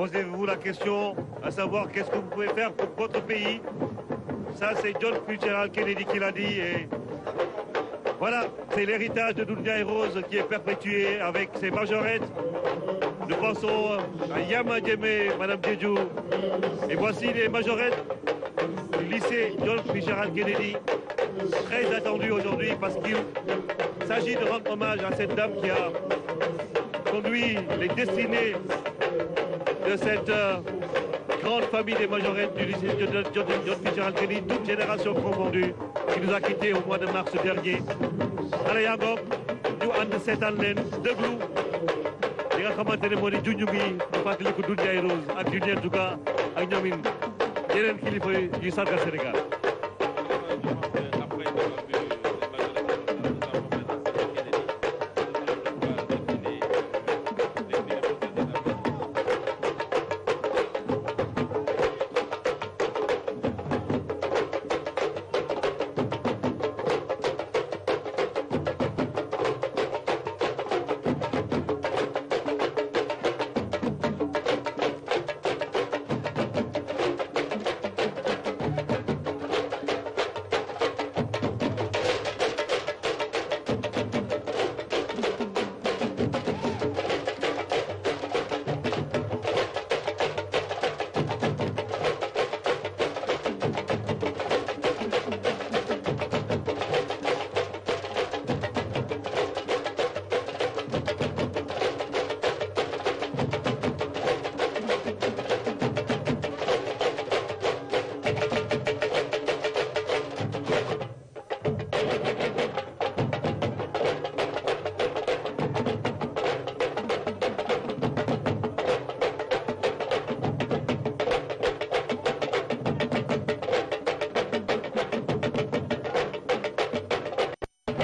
Posez-vous la question à savoir qu'est-ce que vous pouvez faire pour votre pays. Ça, c'est John Fitzgerald Kennedy qui l'a dit. Et voilà, c'est l'héritage de Dunia et Rose qui est perpétué avec ses majorettes. Nous pensons à Yama Djemé, Madame Djedjou. Et voici les majorettes du lycée John Fitzgerald Kennedy, très attendu aujourd'hui parce qu'il s'agit de rendre hommage à cette dame qui a conduit les destinées de cette euh, grande famille des majorettes du lycée John Fitzgerald toute génération confondue, qui nous a quittés au mois de mars dernier. xale yaa ngoog ñu ànd seetaan leen déglu li nga xamante ne moo di junj gi ñu fàttaliku Doudou Ndiaye Rose ak Junior Duga ak ñoomin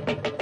thank you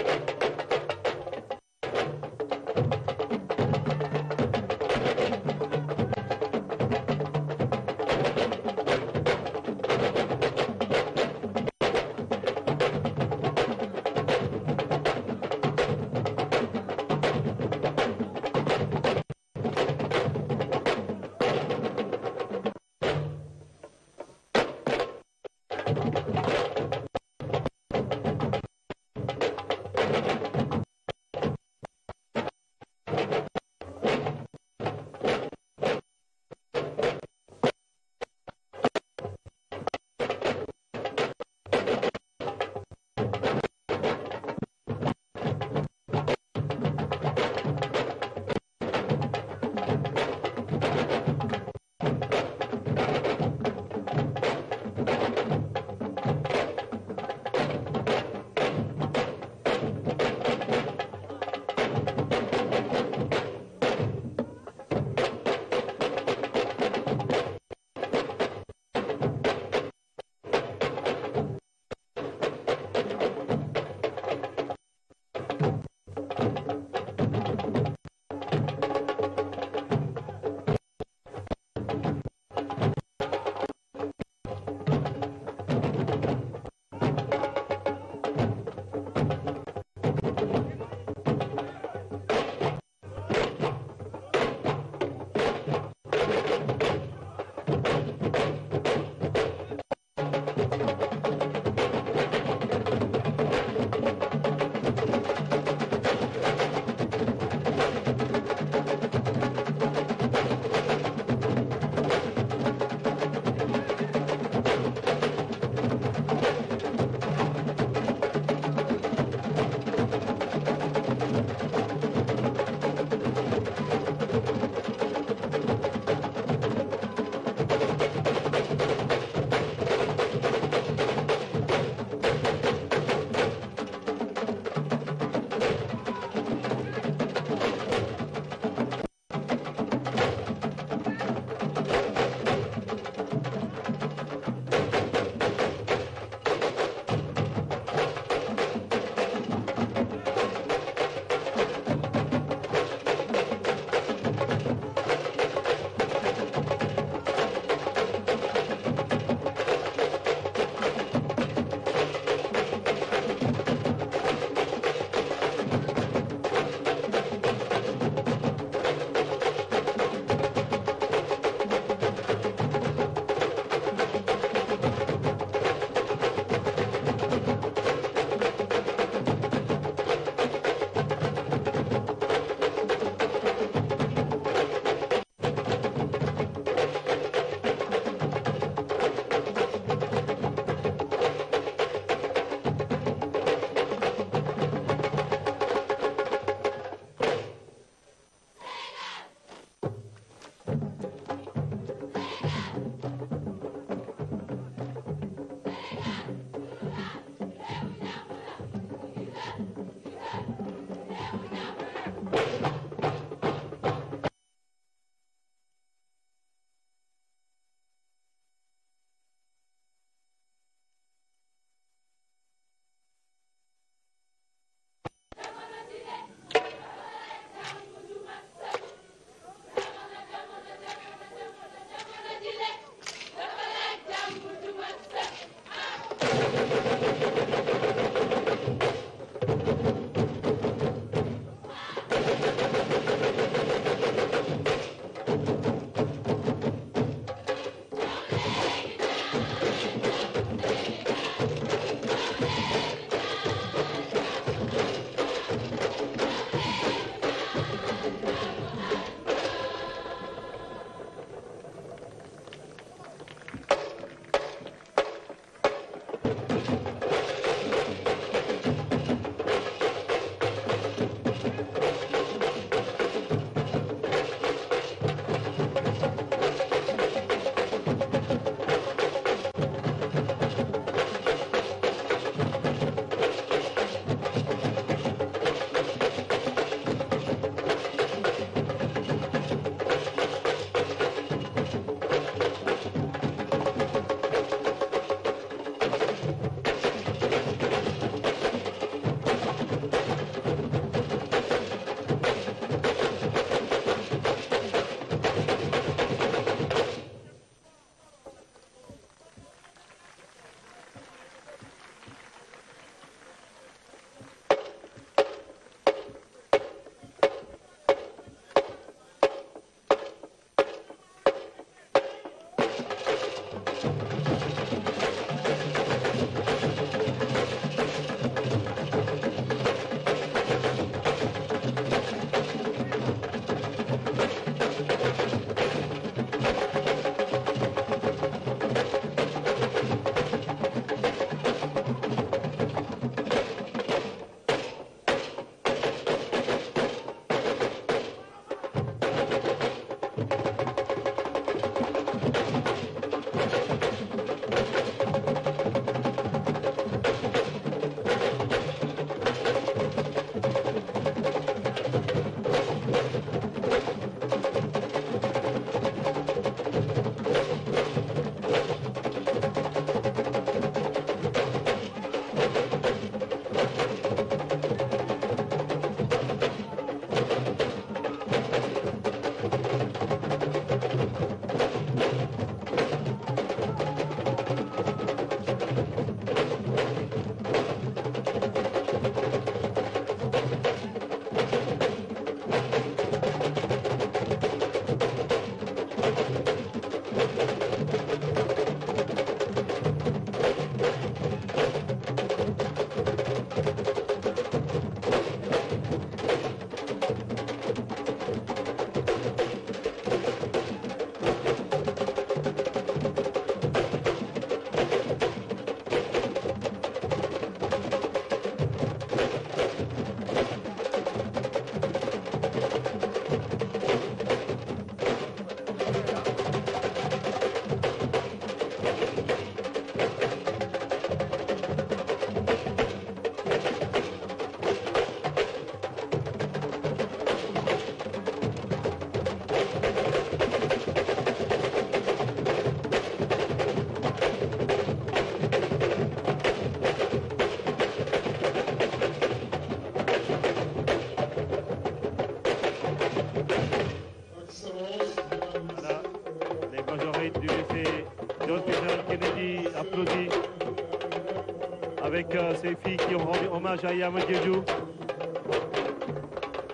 fii qui ont rendu hommage à Yama Diédhiou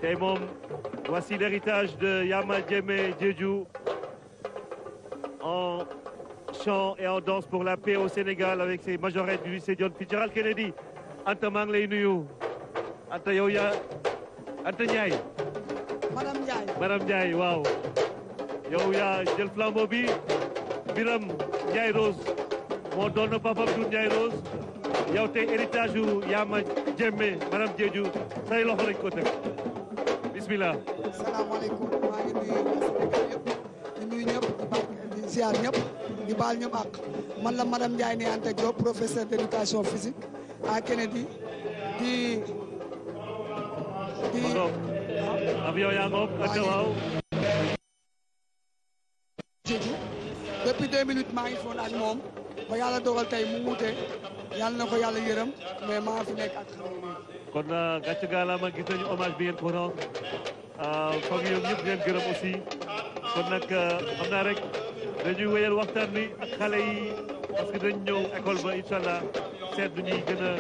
tey voici l'héritage de Yama Diémé Diédhiou en chant et en danse pour la paix au Sénégal avec ses majorettes du lycée John Kennedy Anta maa ngi lay nuyu Anta yow yaa Anta Ndiaye madame Ndiaye Biram Ndiaye Rose moo doon na papam du Ndiaye Rose yow tey héritage yu Yaama Jemme madame Diédiou say loxo lañ ko teg maa ngi nuyu ñëpp di nuyu baal ñëpp ak man la madame Ndiaye Néné Anta professeur d'éducation physique à Kennedy di di avion yaa ngoog ak waaw depuis 2008 maa ngi foon ak moom ba yàlla dogal tey mu wuute yàlla na ko yàlla yërëm mais maa fi nekk ak kon euh, gàcc gaalaama gis nañu hommage bi ngeen ko rendre famille yooyu ñëpp ngeen gërëm aussi kon nag euh, xam naa rek dañuy wéyal waxtaan bi ak xale yi parce que dañu ñëw école ba incha allah du ñuy gën a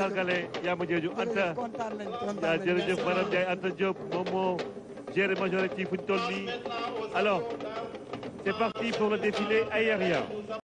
sargale yaama jeeju Anta waaw jërëjëf madame Ndiaye Anta Diop moom moo géré majorité ci toll nii alors c'est parti pour le défilé aérien